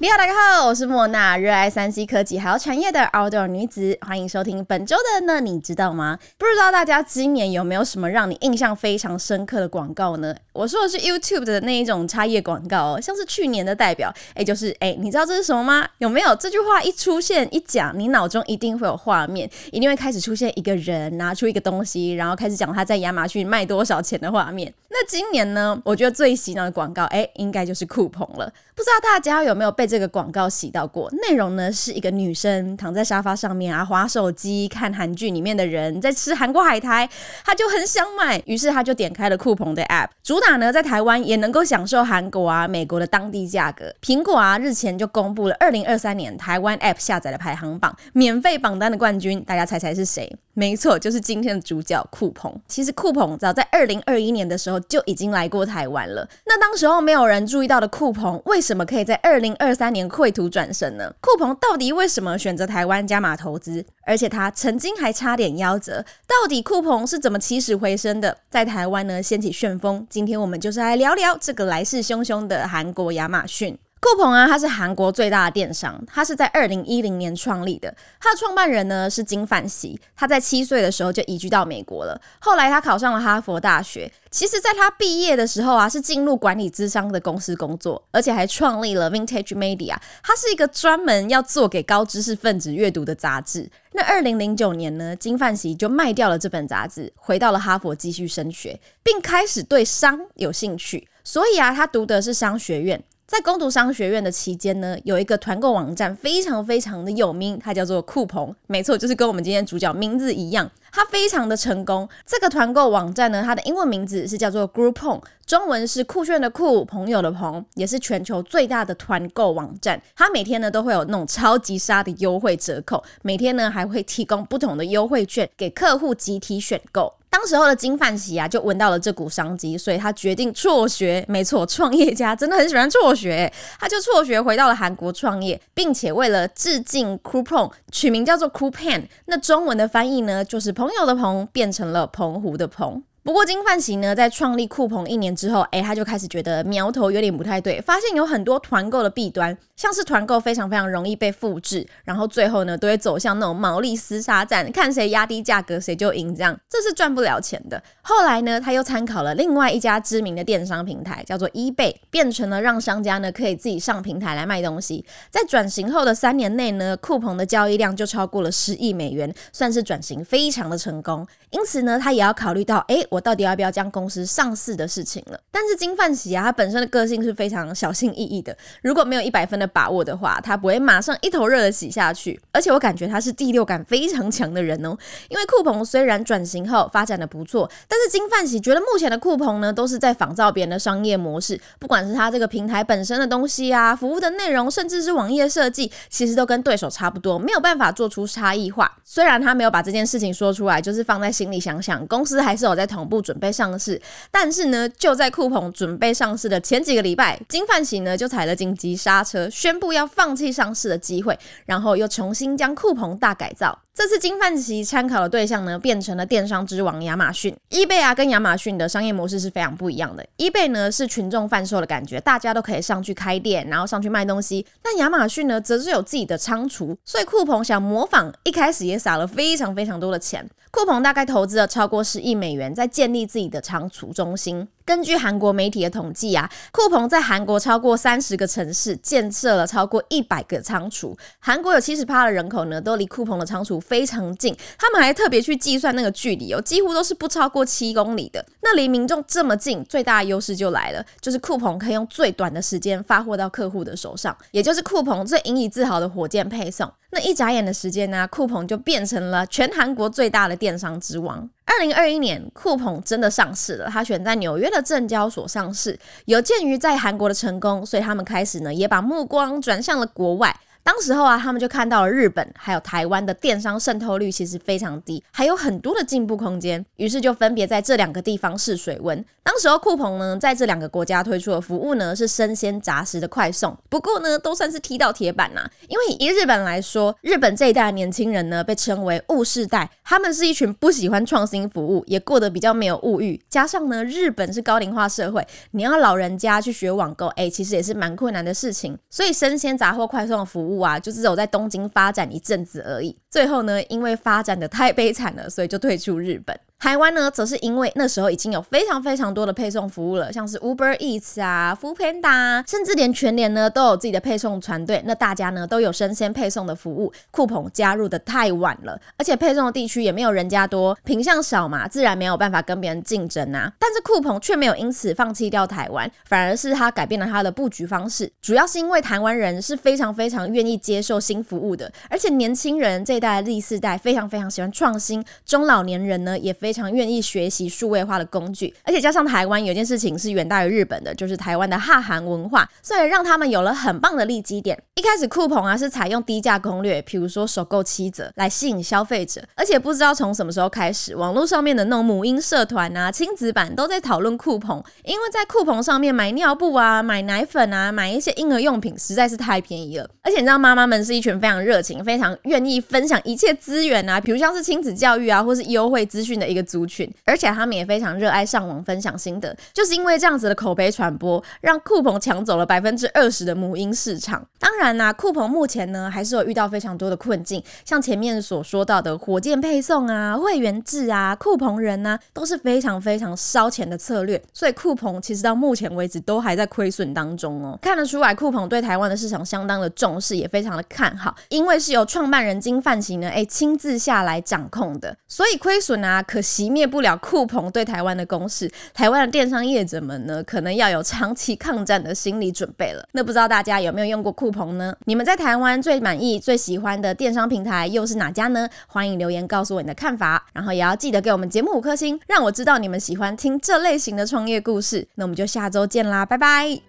你好，大家好，我是莫娜，熱愛三 C 科技還有產業的 outdoor 女子，歡迎收聽本周的那你知道嗎？不知道大家今年有沒有什麼讓你印象非常深刻的廣告呢？我說的是 YouTube 的那一種插頁廣告哦，像是去年的代表，哎，就是哎，你知道這是什麼嗎？有沒有這句話一出現一講，你腦中一定會有畫面，一定會開始出現一個人，拿出一個東西，然後開始講他在亞馬遜賣多少錢的畫面。那今年呢，我覺得最洗腦的廣告，哎，應該就是酷澎了。不知道大家有沒有被這個廣告，洗到過？內容呢，是一個女生躺在沙發上面啊，滑手機看韓劇，裡面的人在吃韓國海苔，她就很想買，於是她就點開了酷澎的 app。主打呢，在台灣也能夠享受韓國啊、美國的當地價格。蘋果啊，日前就公布了二零二三年台灣 app 下載的排行榜，免費榜單的冠軍，大家猜猜是誰？沒錯，就是今天的主角酷澎。其實酷澎早在二零二一年的時候就已經來過台灣了。那當時候沒有人注意到的酷澎，為什麼怎麼可以在二零二三年潰土轉身呢？酷澎到底為什麼選擇台灣加碼投資？而且他曾經還差點夭折，到底酷澎是怎麼起死回生的，在台灣呢掀起旋風？今天我們就是來聊聊這個來勢洶洶的韓國亞馬遜。酷澎啊，他是韓國最大的電商，他是在二零一零年創立的。他的創辦人呢是金範熙，他在七歲的時候就移居到美國了。後來他考上了哈佛大學。其實，在他畢業的時候啊，是進入管理諮商的公司工作，而且還創立了 Vintage Media。他是一個專門要做給高知識分子閱讀的雜誌。那二零零九年呢，金範熙就賣掉了這本雜誌，回到了哈佛繼續升學，並開始對商有興趣。所以啊，他讀的是商學院。在攻讀商學院的期間呢，有一個團購網站非常非常的有名，它叫做酷朋，沒錯，就是跟我們今天主角名字一樣，它非常的成功。這個團購網站呢，它的英文名字是叫做 Groupon，中文是酷炫的酷，朋友的朋，也是全球最大的團購網站。它每天呢都會有那種超級殺的優惠折扣，每天呢還會提供不同的優惠券給客戶集體選購。當時候的金範錫啊，就聞到了這股商機，所以他決定輟學。沒錯，創業家真的很喜歡輟學，他就輟學回到了韓國創業，並且為了致敬 Groupon，取名叫做 Coupang。那中文的翻譯呢，就是朋友的朋變成了澎湖的澎。不過，金範喜呢，在創立酷澎一年之後，哎、欸，他就開始覺得苗頭有點不太對，發現有很多團購的弊端，像是團購非常非常容易被複製，然後最後呢，都會走向那種毛利厮殺戰，看誰壓低價格誰就贏，這樣這是賺不了錢的。後來呢，他又參考了另外一家知名的電商平台，叫做 eBay，變成了讓商家呢可以自己上平台來賣東西。在轉型後的三年內呢，酷澎的交易量就超過了十億美元，算是轉型非常的成功。因此呢，他也要考慮到，哎、欸。到底要不要將公司上市的事情了。但是金范喜啊，他本身的個性是非常小心翼翼的。如果沒有一百分的把握的話，他不會馬上一頭熱的洗下去。而且我感覺他是第六感非常強的人哦、喔。因為酷澎雖然轉型後發展得不錯，但是金範喜覺得目前的酷澎呢，都是在仿造別人的商業模式，不管是他這個平台本身的東西啊、服務的內容，甚至是網頁設計，其實都跟對手差不多，沒有辦法做出差異化。雖然他沒有把這件事情說出來，就是放在心裡想想，公司還是有在投。總部準備上市，但是呢，就在酷澎準備上市的前幾個禮拜，金範喜呢就踩了緊急剎車，宣布要放棄上市的機會，然後又重新將酷澎大改造。這次金范琪參考的對象呢，變成了電商之王亞馬遜。eBay 啊跟亞馬遜的商業模式是非常不一樣的。eBay 呢是群眾販售的感覺，大家都可以上去開店，然後上去賣東西。但亞馬遜呢，則是有自己的倉儲，所以酷澎想模仿，一開始也撒了非常非常多的錢。酷澎大概投資了超過十億美元，在建立自己的倉儲中心。根據韓國媒體的統計啊，酷澎在韓國超過三十個城市建設了超過一百個倉儲。韓國有七十趴的人口呢，都離酷澎的倉儲非常近。他們還特別去計算那個距離，哦，幾乎都是不超過七公里的。那離民眾這麼近，最大的優勢就來了，就是酷澎可以用最短的時間發貨到客戶的手上，也就是酷澎最引以自豪的火箭配送。那一眨眼的時間呢、啊，酷澎就變成了全韓國最大的電商之王。二零二一年，酷澎真的上市了，它選在紐約的證交所上市。有鑒於在韓國的成功，所以他們開始呢，也把目光轉向了國外。當時候啊，他們就看到了日本還有台灣的電商滲透率其實非常低，還有很多的進步空間。於是就分別在這兩個地方試水溫。當時候酷澎呢，在這兩個國家推出的服務呢，是生鮮雜食的快送。不過呢，都算是踢到鐵板吶、啊。因為以日本來說，日本這一代的年輕人呢，被稱為物世代，他們是一群不喜歡創新服務，也過得比較沒有物慾。加上呢，日本是高齡化社會，你要老人家去學網購，哎、欸，其實也是蠻困難的事情。所以生鮮雜貨快送的服務哇、啊，就是只有在東京發展一陣子而已，最後呢，因為發展的太悲慘了，所以就退出日本。台灣呢，則是因為那時候已經有非常非常多的配送服務了，像是 Uber Eats 啊、Foodpanda 啊、甚至連全聯呢都有自己的配送團隊。那大家呢都有生鮮配送的服務，酷澎加入的太晚了，而且配送的地區也沒有人家多，品項少嘛，自然沒有辦法跟別人競爭啊。但是酷澎卻沒有因此放棄掉台灣，反而是他改變了他的布局方式。主要是因為台灣人是非常非常願意接受新服務的，而且年輕人這一代、Z 世代非常非常喜歡創新，中老年人呢也非。非常願意學習數位化的工具，而且加上台灣有件事情是遠大於日本的，就是台灣的哈韓文化，所以讓他們有了很棒的利基點。一開始酷澎啊是採用低價攻略，比如說首購七折來吸引消費者，而且不知道從什麼時候開始，網絡上面的那種母嬰社團啊、親子版都在討論酷澎。因為在酷澎上面買尿布啊、買奶粉啊、買一些嬰兒用品實在是太便宜了。而且你知道媽媽們是一群非常熱情、非常願意分享一切資源啊，比如像是親子教育啊，或是優惠資訊的一個。族群，而且他們也非常熱愛上網分享心得，就是因為這樣子的口碑傳播，讓酷澎搶走了百分之二十的母嬰市場。當然啦、啊，酷澎目前呢還是有遇到非常多的困境，像前面所說到的火箭配送啊、會員制啊、酷澎人啊，都是非常非常燒錢的策略，所以酷澎其實到目前為止都還在虧損當中哦。看得出來，酷澎對台灣的市場相當的重視，也非常的看好，因為是由創辦人金範行呢誒，欸、親自下來掌控的，所以虧損啊可。熄滅不了酷澎對台灣的攻勢，台灣的電商業者們呢，可能要有長期抗戰的心理準備了。那不知道大家有沒有用過酷澎呢？你們在台灣最滿意、最喜歡的電商平台又是哪家呢？歡迎留言告訴我你的看法，然後也要記得給我們節目五顆星，讓我知道你們喜歡聽這類型的創業故事。那我們就下周見啦，拜拜。